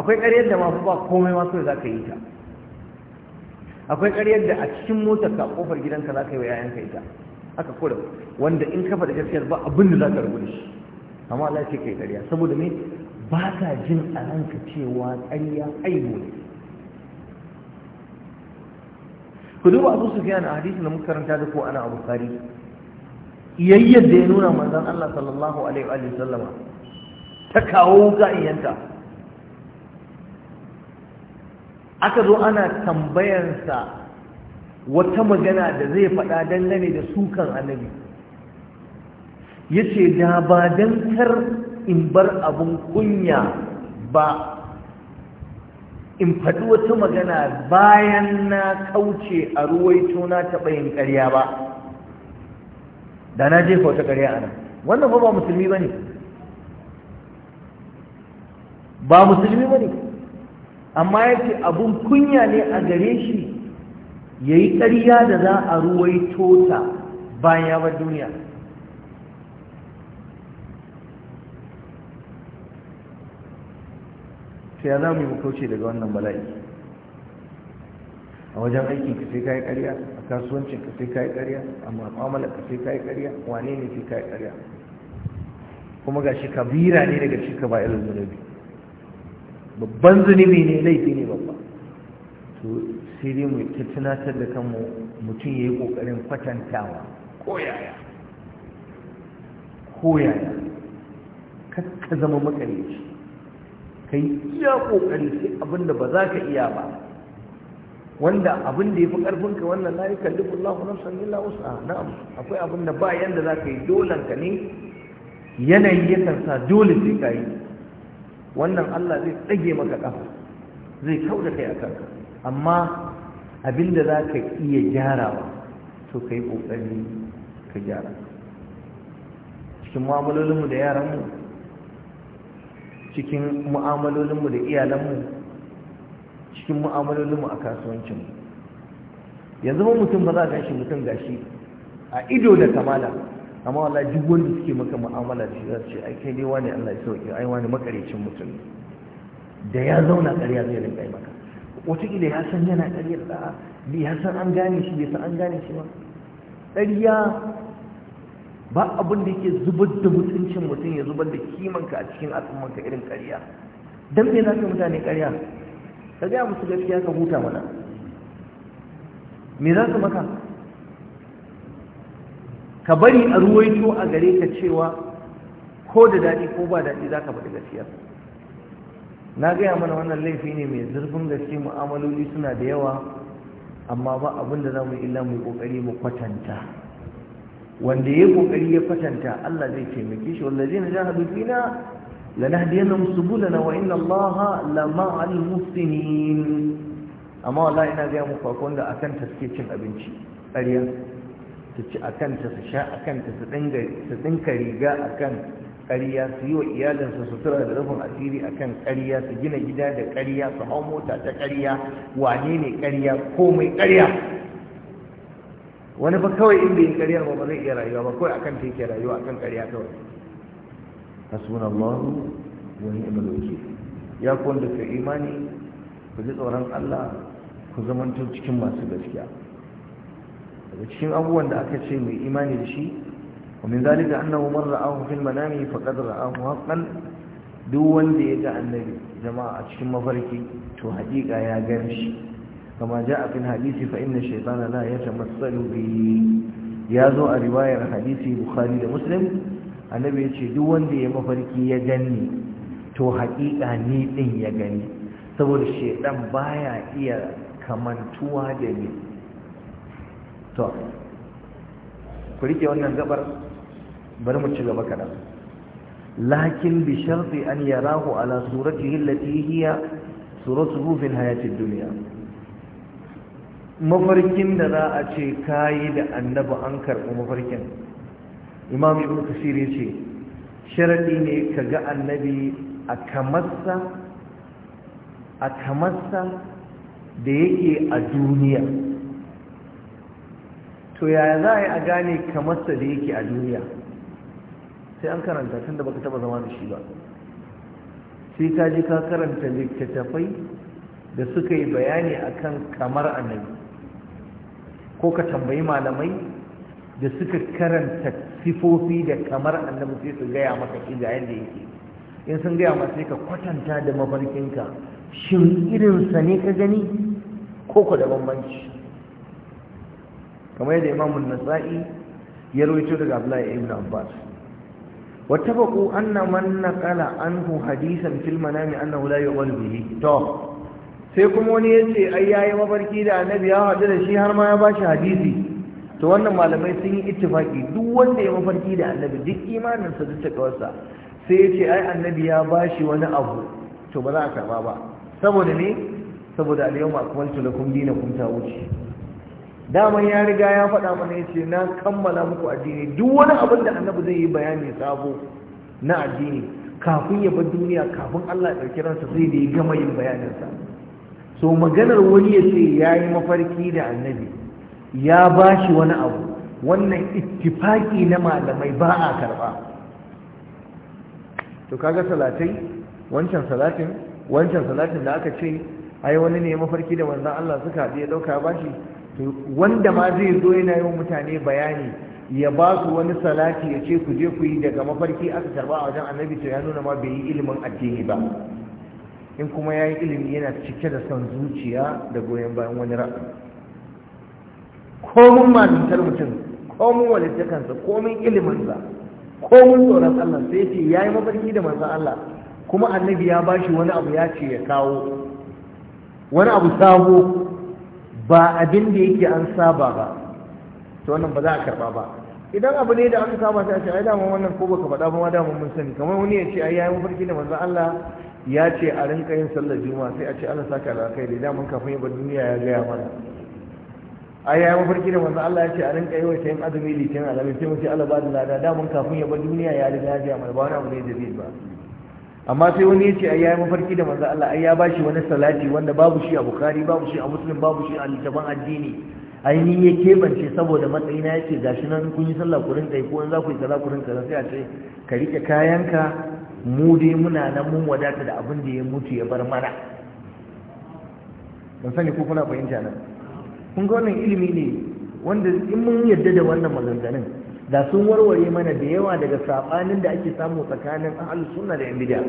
akwai ƙaryar da masu ba komai masu da za ka yi ta akwai ƙaryar da a cikin motar ka kofar gidanka za ka yi wa yayanka ita haka kura wanda in kafa da gaskiyar ba abin da za ka rubuta shi amma Allah ce kai ƙarya saboda me ba ka jin a ranka cewa ƙarya aibu ne ku duba abu su fiya na hadisi na karanta da ko ana abu Bakari yayyar da ya nuna manzon Allah sallallahu alaihi wa sallama ta kawo ga iyanta aka zo ana tambayansa wata magana da zai faɗa dangane da sukan annabi ya ce da ba don kar in bar abin kunya ba in faɗi wata magana bayan na kauce a ruwaito na taɓa yin ƙarya ba da na jefa wata ƙarya ana wannan ba musulmi ba ne ba musulmi ba ne amma yake abun kunya ne a gare shi ya yi ƙarya da za a ruwai tota bayan ya bar duniya sai ya za mu yi kauce daga wannan bala'i a wajen aikin ka sai ka yi ƙarya a kasuwancin ka sai ka yi ƙarya a mu'amala ka sai ka yi ƙarya wane ne sai ka yi ƙarya kuma ga shi kabira ne daga shi ka ba irin zunubi babban zunubi ne laifi ne babba to sai dai mu ta tunatar da kanmu mutum ya yi ƙoƙarin kwatantawa koyaya koyaya ka zama makarici ka yi iya ƙoƙari sai abin da ba za ka iya ba wanda abin da ya fi ƙarfinka wannan na yi kallifin lahu na sannin lawusa na'am akwai abin da ba yanda za ka yi dolanka ne yanayi yakan sa dole sai ka yi wannan Allah zai tsage maka kafa zai kauda kai akan amma abinda za ka iya gyarawa to ka yi ƙoƙari ka gyara cikin mu'amalolinmu da yaranmu cikin mu'amalolinmu da iyalanmu cikin mu'amalolinmu a kasuwancinmu yanzu ba mutum ba za a gashi mutum gashi a ido da kamala amma wallahi duk wanda suke maka mu'amala shi za ce ai kai ne wani Allah ya sauke ai wani makarecin mutum da ya zauna ƙarya zai rinka yi maka wataƙila ya san yana ƙaryar da bi ya san an gane shi bai san an gane shi ba ƙarya ba abin da yake zubar da mutuncin mutum ya zubar da kimanka a cikin al'ummanka irin ƙarya dan me za ka mutane ƙarya ka gaya musu gaskiya ka huta mana me za ka maka ka bari a ruwaito a gare ka cewa ko da daɗi ko ba daɗi za ka faɗi gaskiya na gaya mana wannan laifi ne mai zurfin gaske mu'amaloli suna da yawa amma ba abin da za mu illa mu ƙoƙari mu kwatanta wanda ya ƙoƙari ya kwatanta Allah zai taimake shi zai na jahadu fina musubula subulana wa inna Allaha ma'al muhsinin amma wallahi ina gaya mu akwai da akan taske cin abinci ƙarya su ci a kanta su sha a kanta su ɗinka riga a kan ƙarya su yi wa iyalinsu sutura da rufin asiri a kan ƙarya su gina gida da ƙarya su hau mota ta ƙarya wane ne ko mai ƙarya wani ba kawai in bai yi ƙarya ba ba zai iya rayuwa ba kawai akan ta yake rayuwa akan ƙarya kawai hasbunallahu wa ni'mal wakeel ya ku wanda ka imani ku ji tsoron Allah ku zamanto cikin masu gaskiya daga cikin abubuwan da aka ce mai imani da shi ومن ذلك أنه من رآه في المنام فقد رآه حقا دول ديجا النبي جماعة شم فركي تو حقيقة يا قرش كما جاء في الحديث فإن الشيطان لا يتمثل به يازو الرواية الحديث بخاري ومسلم النبي يتشي دول دي مفركي يجني تو حقيقة نيتين يجني سبب الشيطان بايا إيا كمان توا دي to ku rike wannan gabar bari mu ci gaba kaɗan lakin bi sharti an yarahu ala suratihi allati hiya suratuhu fil hayatid dunya mafarkin da za a ce kayi da annabi an karɓi mafarkin imam ibn kasir yace sharadi ne kaga annabi a kamarsa a kamarsa da yake a duniya to yaya za a yi a gane kamar da yake a duniya sai an karanta tun da baka taba zama da shi ba sai ka ji ka karanta littattafai da suka yi bayani akan kamar annabi ko ka tambayi malamai da suka karanta sifofi da kamar annabi sai su gaya maka ga yadda yake in sun gaya maka sai ka kwatanta da mafarkinka shin irinsa ne ka gani ko ku da bambanci kamar yadda imamun nasa'i ya rawaito daga abdullahi ibn abbas wattafaqu anna man naqala anhu hadisan fil manami annahu la yuqalu bihi to sai kuma wani yace ai yayi mafarki da annabi ya hada da shi har ma ya bashi hadisi to wannan malamai sun yi ittifaqi duk wanda ya mabarki da annabi duk imanin duk ta sai yace ai annabi ya bashi wani abu to ba za a karba ba saboda ne saboda al-yawma akmaltu lakum dinakum ta wuce daman ya riga ya faɗa mana ya ce na kammala muku addini duk wani abin da annabi zai yi bayani sabo na addini kafin ya bar duniya kafin Allah ya ɗauki ransa zai da ya gama yin bayaninsa so maganar wani ya ce ya yi mafarki da annabi ya ba shi wani abu wannan ittifaki na malamai ba a karɓa to kaga salatai wancan salatin wancan salatin da aka ce ai wani ne mafarki da manzon Allah suka haɗu ya ɗauka ba shi wanda ma zai zo yana yi mutane bayani ya ba su wani salati ya ce ku je ku yi daga mafarki aka karba a wajen annabi to ya nuna ma bai yi ilimin addini ba in kuma ya yi ilimi yana cike da son zuciya da goyon bayan wani ra'a komun malintar mutum komun walittakansa komun iliminsa komun tsoron Allah sai ce ya yi mafarki da manzan Allah kuma annabi ya ba shi wani abu ya ce ya kawo wani abu sabo ba abin da yake an saba ba to wannan ba za a karba ba idan abu ne da aka saba sai a ce ai dama wannan ko baka faɗa ba ma dama mun sani kamar wani ya ce ai yayi mafarki da manzo Allah ya ce a rinka yin sallar juma'a sai a ce Allah saka alkhairi da mun kafin ba duniya ya gaya mana ai yayi mafarki da manzo Allah ya ce a rinka yawaita yin azumi litin alamin sai mun ce Allah ba da lada da mun kafin ya duniya ya riga ya gaya mana ba wani abu ne da zai ba amma sai wani ya ce ai yayi mafarki da manzo Allah ai ya bashi wani salati wanda babu shi a Bukhari babu shi a Muslim babu shi a littafin addini ai ni ya kebance saboda matsayina yace gashi nan kun yi sallah ku rinka yi ko in za ku yi kaza ku rinka sai a ce ka rike kayanka mu dai muna nan mun wadata da abin da ya mutu ya bar mana ban sani ko kuna fahimta nan kun ga wannan ilimi ne wanda in mun yarda da wannan maganganun da sun warware mana da yawa daga sabanin da ake samu tsakanin ahlus sunna da yan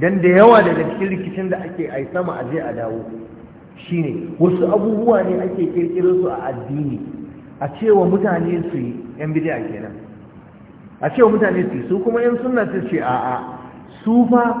dan da yawa daga cikin rikicin da ake ai sama a je a dawo shine wasu abubuwa ne ake kirkiro a addini a cewa mutane su yi yan kenan a cewa mutane su yi su kuma yan sunna su ce a'a su fa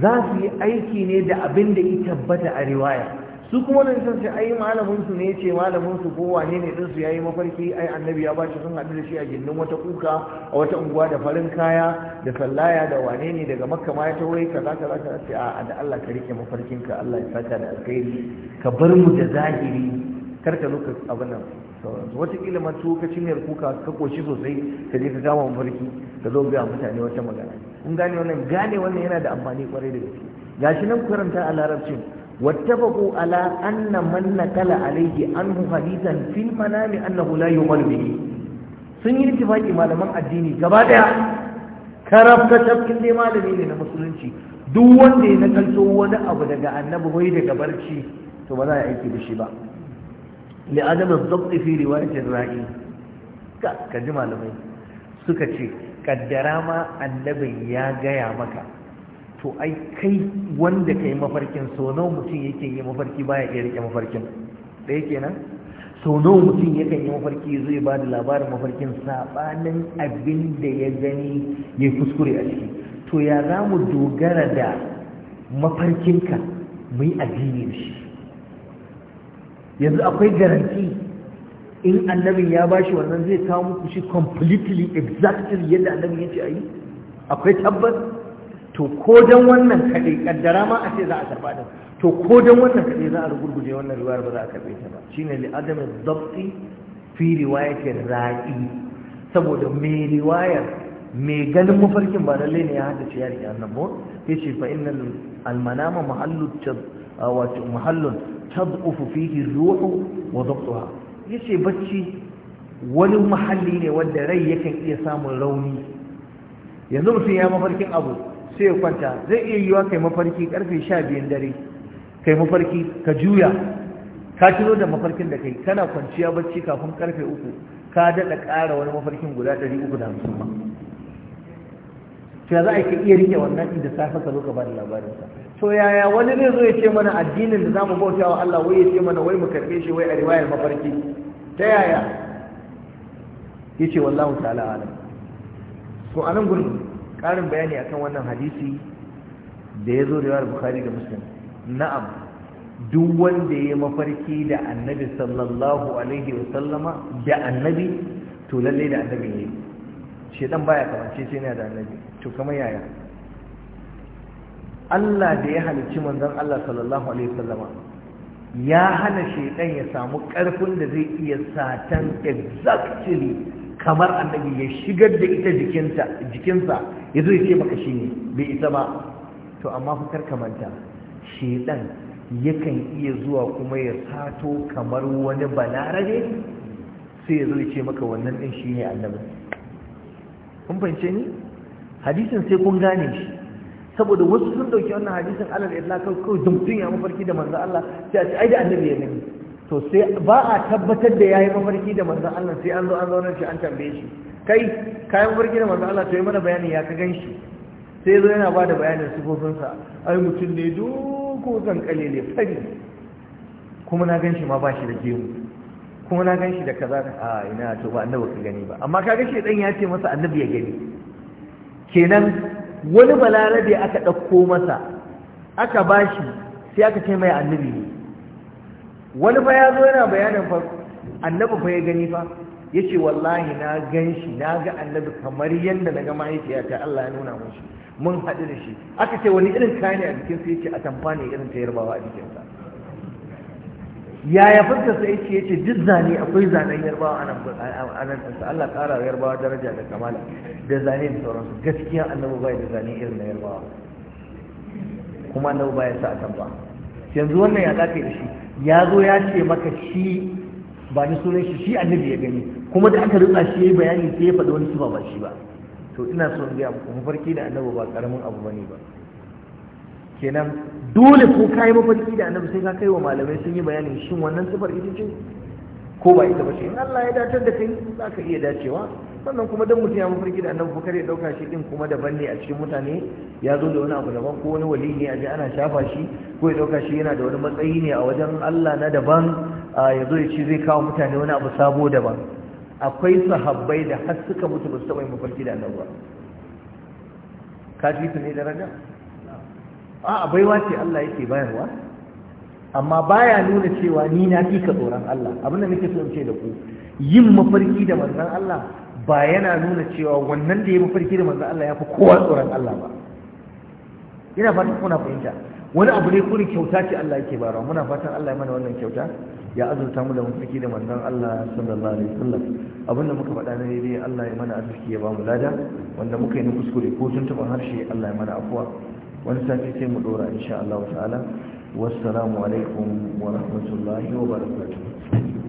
za su yi aiki ne da abin da ya tabbata a riwaya su kuma nan sun sai ai malamin su ne ce malamin su ko wane ne din su yayi mafarki ai annabi ya bashi sun hadu da shi a gindin wata kuka a wata unguwa da farin kaya da sallaya da wane ne daga makka ma ya taure kaza kaza ka sai a da Allah ka rike mafarkin ka Allah ya saka da alkhairi ka bar mu da zahiri kar ka luka abin nan sauransu wata kila ma ka cinyar kuka ka koshi sosai ka je ka gama mafarki ka zo biya mutane wata magana kun gane wannan gane wannan yana da amfani kwarai da gaske gashi nan karanta a larabcin واتفقوا على أن من نقل عليه عنه حديثا في المنام أنه لا يقل به sun yi ittifaki malaman addini gaba daya Karaf ka tafkin dai malami ne na musulunci duk wanda ya nakalto wani abu daga annabi bai daga barci to ba za a aiki da shi ba li adam az-zabt fi riwayatir ra'i ka ji malamai suka ce kaddara ma annabin ya gaya maka to ai kai wanda kai mafarkin so nawa mutum yake yi mafarki baya iya rike mafarkin ɗaya kenan so nawa mutum yakan yi mafarki zai ba da labarin mafarkin sabanin abin da ya gani ya kuskure a ciki to ya za mu dogara da mafarkin mu yi addini da shi yanzu akwai garanti in annabin ya bashi wannan zai kawo muku shi completely exactly yadda annabin ya ayi a akwai tabbas to ko dan wannan kaɗai kaddara ma a ce za a karɓa da to ko dan wannan kaɗai za a rugurguje wannan riwayar ba za a karɓe ta ba shine li adami dabti fi riwayatin ra'i saboda me riwayar me ganin mafarkin ba lallai ne ya haddace ya riƙe annan ba yace fa innal almanama mahallu wato mahallun tad'ufu fihi ruhu wa dabtuha yace bacci wani mahalli ne wanda rai yakan iya samun rauni yanzu mutum ya mafarkin abu sai ya kwanta zai iya yiwa kai mafarki karfe sha biyun dare kai mafarki ka juya ka tuno da mafarkin da kai kana kwanciya bacci kafin karfe uku ka daɗa ƙara wani mafarkin guda ɗari uku da hamsin ma sai za a iya rike wannan da safe ka zo ka ba da labarinsa to yaya wani zai zo ya ce mana addinin da zamu bauta wa Allah wai ya ce mana wai mu karbe shi wai a riwayar mafarki ta yaya yace wallahu ta'ala alam to anan gurin ƙarin bayani akan wannan hadisi da ya zo da yawar bukari da muslim na'am duk wanda ya mafarki da annabi sallallahu alaihi wa sallama, da annabi to lalle da annabi ne dan baya kamance sai yana da annabi to kamar yaya Allah da ya halicci manzon Allah sallallahu alaihi wa sallama ya hana shaytan ya samu karfin da zai iya satan exactly kamar annabi ya shigar da ita jikinta jikinsa ya zo ce maka shi ne bai isa ba to amma manta kamanta shedan yakan iya zuwa kuma ya sato kamar wani balarabe sai ya zo ce maka wannan ɗin shi ne annabi kun fahimce ni hadisin sai kun gane shi saboda wasu sun ɗauki wannan hadisin alal idla kawai kawai dumtun ya mafarki da manzo Allah sai a ce ai da annabi ya nemi to sai ba a tabbatar da yayi mafarki da manzo Allah sai an zo an nan shi an tambaye shi kai kayan da manzo Allah ta yi mana bayani ya ka ganshi sai zo yana bada bayanin sa, ai mutum ne duku zan ne fari kuma na ganshi ma bashi da gemu kuma na ganshi da kaza a ina to ba annabi ka gani ba amma ka gashi dan ya ce masa annabi ya gani kenan wani balarabe aka dauko masa aka bashi sai aka ce mai annabi ne wani fa ya zo yana bayanin fa annabi fa ya gani fa ya ce wallahi na gan shi na ga annabi kamar yadda na ga mahaifiyata Allah ya nuna mun shi mun haɗu da shi aka ce wani irin kayan ne a jikinsa ya ce a tamfa ne irin ta yarbawa a jikinsa yaya fuskarsa sa ce ya ce duk zane akwai zanen yarbawa a nan ɗansa Allah ƙara wa yarbawa daraja da kamala da zane da sauransu gaskiya annabi bai da zane irin na yarbawa kuma annabi bai sa a tamfa yanzu wannan ya zafe da shi ya zo ya ce maka shi ba ni sunan shi shi annabi ya gani kuma da aka rutsa shi yayi bayani sai ya faɗi wani sifa ba shi ba to ina so in ga mafarki da annabi ba karamin abu bane ba kenan dole ko kai mafarki da annabi sai ka kai wa malamai sun yi bayanin shin wannan sifar ita ce ko ba ita ba ce in Allah ya datar da kai za ka iya dacewa sannan kuma dan mutum ya mafarki da annabi kare ya dauka shi din kuma daban ne a cikin mutane ya zo da wani abu daban ko wani wali ne a ji ana shafa shi ko ya dauka shi yana da wani matsayi ne a wajen Allah na daban ya zo ya ce zai kawo mutane wani abu sabo daban akwai sahabbai da har suka mutu ba su taɓa yin mafarki da Allah ba ka su ne daraja a baiwa ce Allah yake bayarwa amma baya nuna cewa ni na fi ka tsoron Allah abinda nake so in ce da ku yin mafarki da manzon Allah ba yana nuna cewa wannan da ya mafarki da manzon Allah ya fi kowa tsoron Allah ba ina fata kuna fahimta wani abu ne kuri kyauta ce Allah yake bara muna fatan Allah ya mana wannan kyauta ya azurta mu da mutsaki da manzon Allah sallallahu alaihi wasallam abinda muka faɗa na daidai Allah ya mana azurki ya ba mu lada wanda muka yi ni kuskure ko tun taba harshe Allah ya mana afuwa wani sati sai mu ɗora insha Allah ta'ala wassalamu alaikum wa rahmatullahi wa barakatuh